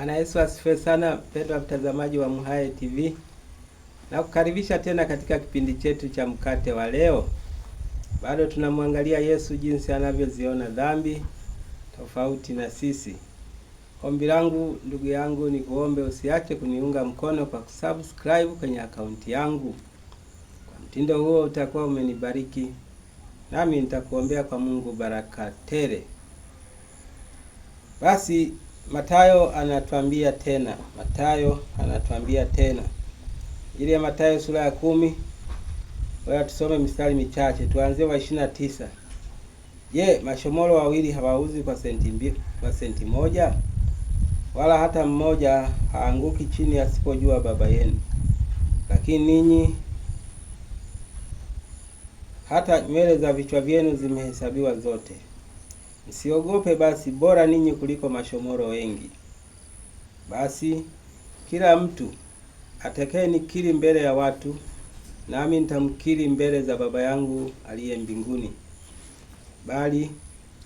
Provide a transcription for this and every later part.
Bwana Yesu asifiwe sana, mpendwa mtazamaji wa MHAE TV, nakukaribisha tena katika kipindi chetu cha mkate wa leo. Bado tunamwangalia Yesu jinsi anavyoziona dhambi tofauti na sisi. Ombi langu ndugu yangu, nikuombe usiache kuniunga mkono kwa kusubscribe kwenye akaunti yangu. Kwa mtindo huo utakuwa umenibariki, nami nitakuombea kwa Mungu baraka tele. Basi Mathayo anatuambia tena, Mathayo anatuambia tena, ile ya Mathayo sura ya kumi. Wala tusome mistari michache, tuanzie wa ishirini na tisa. Je, mashomoro wawili hawauzi kwa senti mbili, kwa senti moja? Wala hata mmoja haanguki chini asipojua Baba yenu. Lakini ninyi hata nywele za vichwa vyenu zimehesabiwa zote. Msiogope basi, bora ninyi kuliko mashomoro wengi. Basi kila mtu nikiri mbele ya watu, nami na nitamkiri mbele za Baba yangu aliye mbinguni. Bali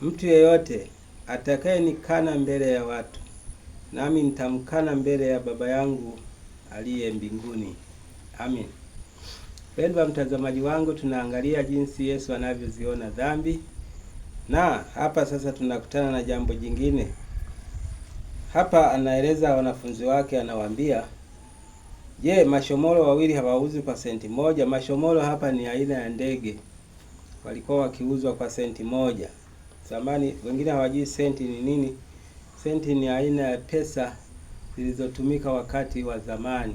mtu yeyote atakayenikana mbele ya watu, nami na nitamkana mbele ya Baba yangu aliye mbinguni. Amin. Pendwa mtazamaji wangu, tunaangalia jinsi Yesu anavyoziona dhambi na hapa sasa tunakutana na jambo jingine. Hapa anaeleza wanafunzi wake, anawaambia je, mashomoro wawili hawauzi kwa senti moja? Mashomoro hapa ni aina ya ndege, walikuwa wakiuzwa kwa senti moja zamani. Wengine hawajui senti ni nini. Senti ni aina ya pesa zilizotumika wakati wa zamani,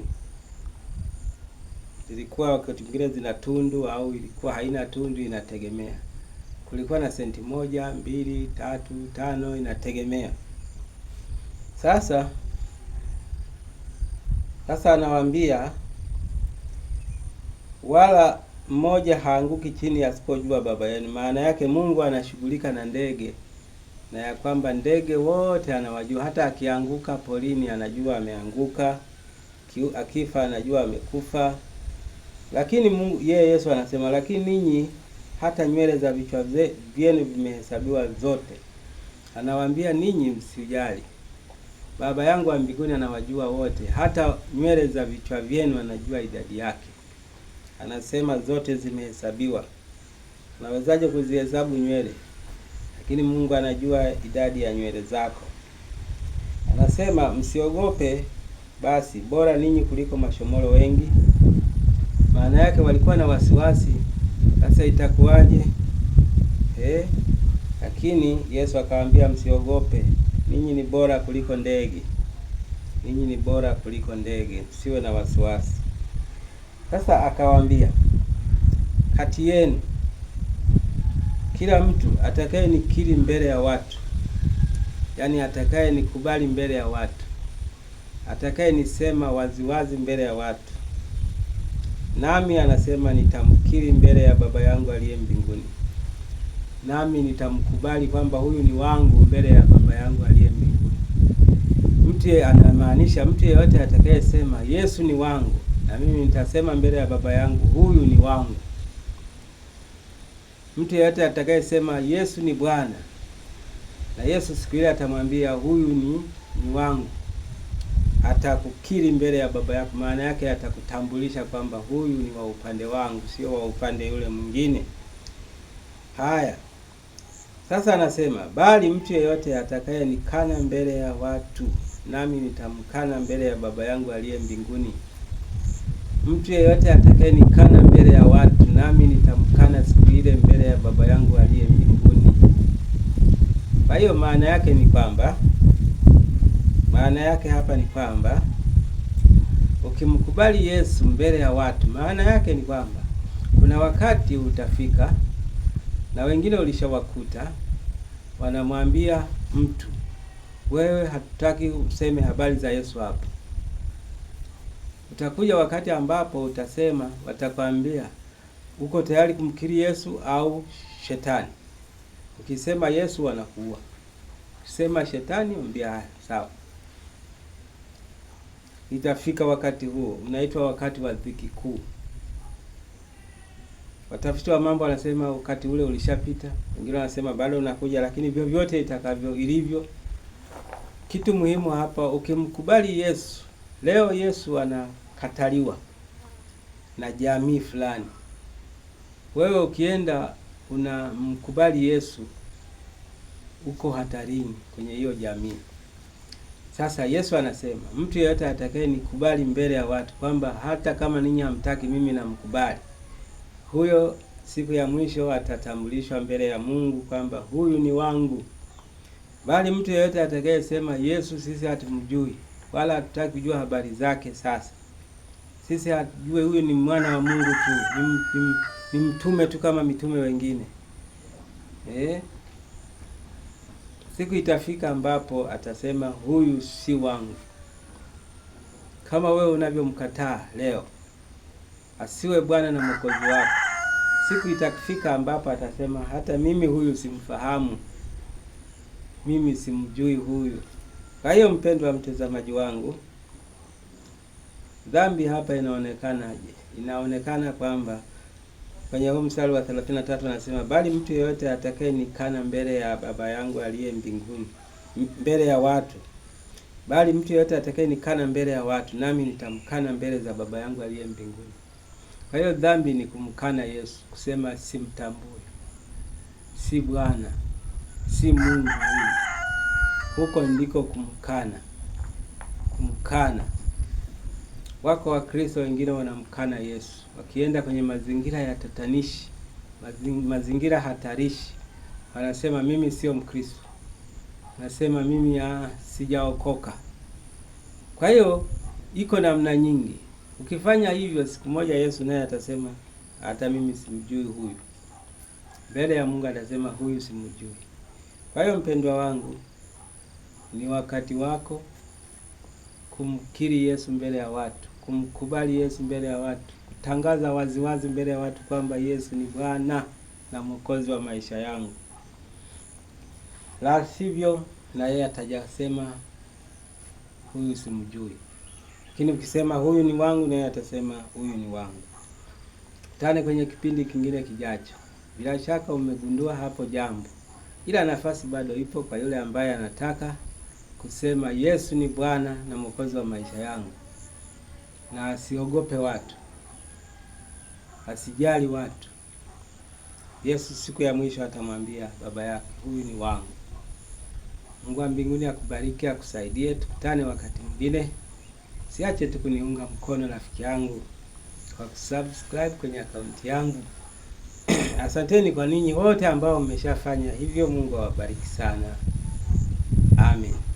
zilikuwa wakati mwingine zina tundu au ilikuwa haina tundu, inategemea kulikuwa na senti moja, mbili, tatu, tano, inategemea. Sasa sasa anawaambia wala mmoja haanguki chini asipojua baba yenu. Maana yake Mungu anashughulika na ndege, na ya kwamba ndege wote anawajua. Hata akianguka polini anajua ameanguka, akifa anajua amekufa. Lakini Mungu yeye, Yesu anasema, lakini ninyi hata nywele za vichwa vyenu vimehesabiwa zote. Anawaambia ninyi msijali, Baba yangu wa mbinguni anawajua wote, hata nywele za vichwa vyenu anajua idadi yake. Anasema zote zimehesabiwa. Unawezaje kuzihesabu nywele? Lakini Mungu anajua idadi ya nywele zako. Anasema msiogope basi, bora ninyi kuliko mashomoro wengi. Maana yake walikuwa na wasiwasi sasa itakuwaje? Eh, lakini Yesu akawaambia msiogope, ninyi ni bora kuliko ndege, ninyi ni bora kuliko ndege, msiwe na wasiwasi. Sasa akawaambia, kati yenu kila mtu atakaye nikiri mbele ya watu, yaani atakaye nikubali mbele ya watu, atakaye nisema waziwazi mbele ya watu Nami anasema nitamkiri mbele ya Baba yangu aliye mbinguni, nami nitamkubali kwamba huyu ni wangu mbele ya Baba yangu aliye mbinguni. Mtu anamaanisha mtu yeyote atakayesema Yesu ni wangu, na mimi nitasema mbele ya Baba yangu huyu ni wangu. Mtu yeyote atakayesema Yesu ni Bwana, na Yesu siku ile atamwambia huyu ni, ni wangu atakukiri mbele ya baba yako, maana yake atakutambulisha kwamba huyu ni wa upande wangu, sio wa upande yule mwingine. Haya, sasa anasema bali mtu yeyote atakayenikana mbele ya watu, nami nitamkana mbele ya baba yangu aliye mbinguni. Mtu yeyote atakayenikana mbele ya watu, nami nitamkana siku ile mbele ya baba yangu aliye mbinguni. Kwa hiyo maana yake ni kwamba maana yake hapa ni kwamba ukimkubali Yesu mbele ya watu, maana yake ni kwamba kuna wakati utafika, na wengine ulishawakuta wanamwambia mtu, wewe hatutaki useme habari za Yesu hapo. Utakuja wakati ambapo utasema, watakwambia uko tayari kumkiri Yesu au shetani? Ukisema Yesu wanakuua, ukisema shetani, mwambia sawa Itafika wakati huo unaitwa wakati wa dhiki kuu. Watafiti wa mambo wanasema wakati ule ulishapita, wengine wanasema bado unakuja, lakini vyovyote itakavyo ilivyo, kitu muhimu hapa, ukimkubali Yesu leo, Yesu anakataliwa na jamii fulani. Wewe ukienda unamkubali Yesu, uko hatarini kwenye hiyo jamii. Sasa Yesu anasema mtu yeyote atakaye nikubali mbele ya watu, kwamba hata kama ninyi hamtaki mimi namkubali, huyo siku ya mwisho atatambulishwa mbele ya Mungu kwamba huyu ni wangu. Bali mtu yeyote atakayesema Yesu sisi hatumjui wala hatutaki kujua habari zake, sasa sisi hatujue huyu ni mwana wa Mungu tu, ni, ni mtume tu kama mitume wengine eh? Siku itafika ambapo atasema huyu si wangu. Kama wewe unavyomkataa leo, asiwe Bwana na mwokozi wako. Siku itafika ambapo atasema hata mimi huyu simfahamu, mimi simjui huyu. Kwa hiyo, mpendwa wa mtazamaji wangu, dhambi hapa inaonekanaje? Inaonekana kwamba kwenye huu mstari wa 33 anasema, bali mtu yeyote nikana mbele ya Baba yangu aliye mbinguni, mbele ya watu, bali mtu yeyote nikana mbele ya watu, nami nitamkana mbele za Baba yangu aliye mbinguni. Kwa hiyo dhambi ni kumkana Yesu, kusema simtambui, si Bwana, si Mungu. Huko ndiko kumkana, kumkana Wako Wakristo wengine wanamkana Yesu, wakienda kwenye mazingira ya tatanishi, mazingira hatarishi, wanasema mimi sio Mkristo, nasema mimi ah, sijaokoka. Kwa hiyo iko namna nyingi. Ukifanya hivyo, siku moja Yesu naye atasema hata mimi simjui huyu. Mbele ya Mungu atasema huyu simjui. Kwa hiyo, mpendwa wangu, ni wakati wako kumkiri Yesu mbele ya watu kumkubali Yesu mbele ya watu, kutangaza waziwazi mbele ya watu kwamba Yesu ni Bwana na Mwokozi wa maisha yangu. La sivyo, na yeye atajasema huyu simjui, lakini ukisema huyu ni wangu, na yeye atasema huyu ni wangu. Tane kwenye kipindi kingine kijacho. Bila shaka umegundua hapo jambo, ila nafasi bado ipo kwa yule ambaye anataka kusema Yesu ni Bwana na Mwokozi wa maisha yangu na asiogope watu, asijali watu. Yesu siku ya mwisho atamwambia baba yake, huyu ni wangu. Mungu wa mbinguni akubariki, akusaidie. Tukutane wakati mwingine. Siache tu kuniunga mkono rafiki yangu kwa kusubscribe kwenye akaunti yangu. Asanteni kwa ninyi wote ambao mmeshafanya hivyo. Mungu awabariki sana, amen.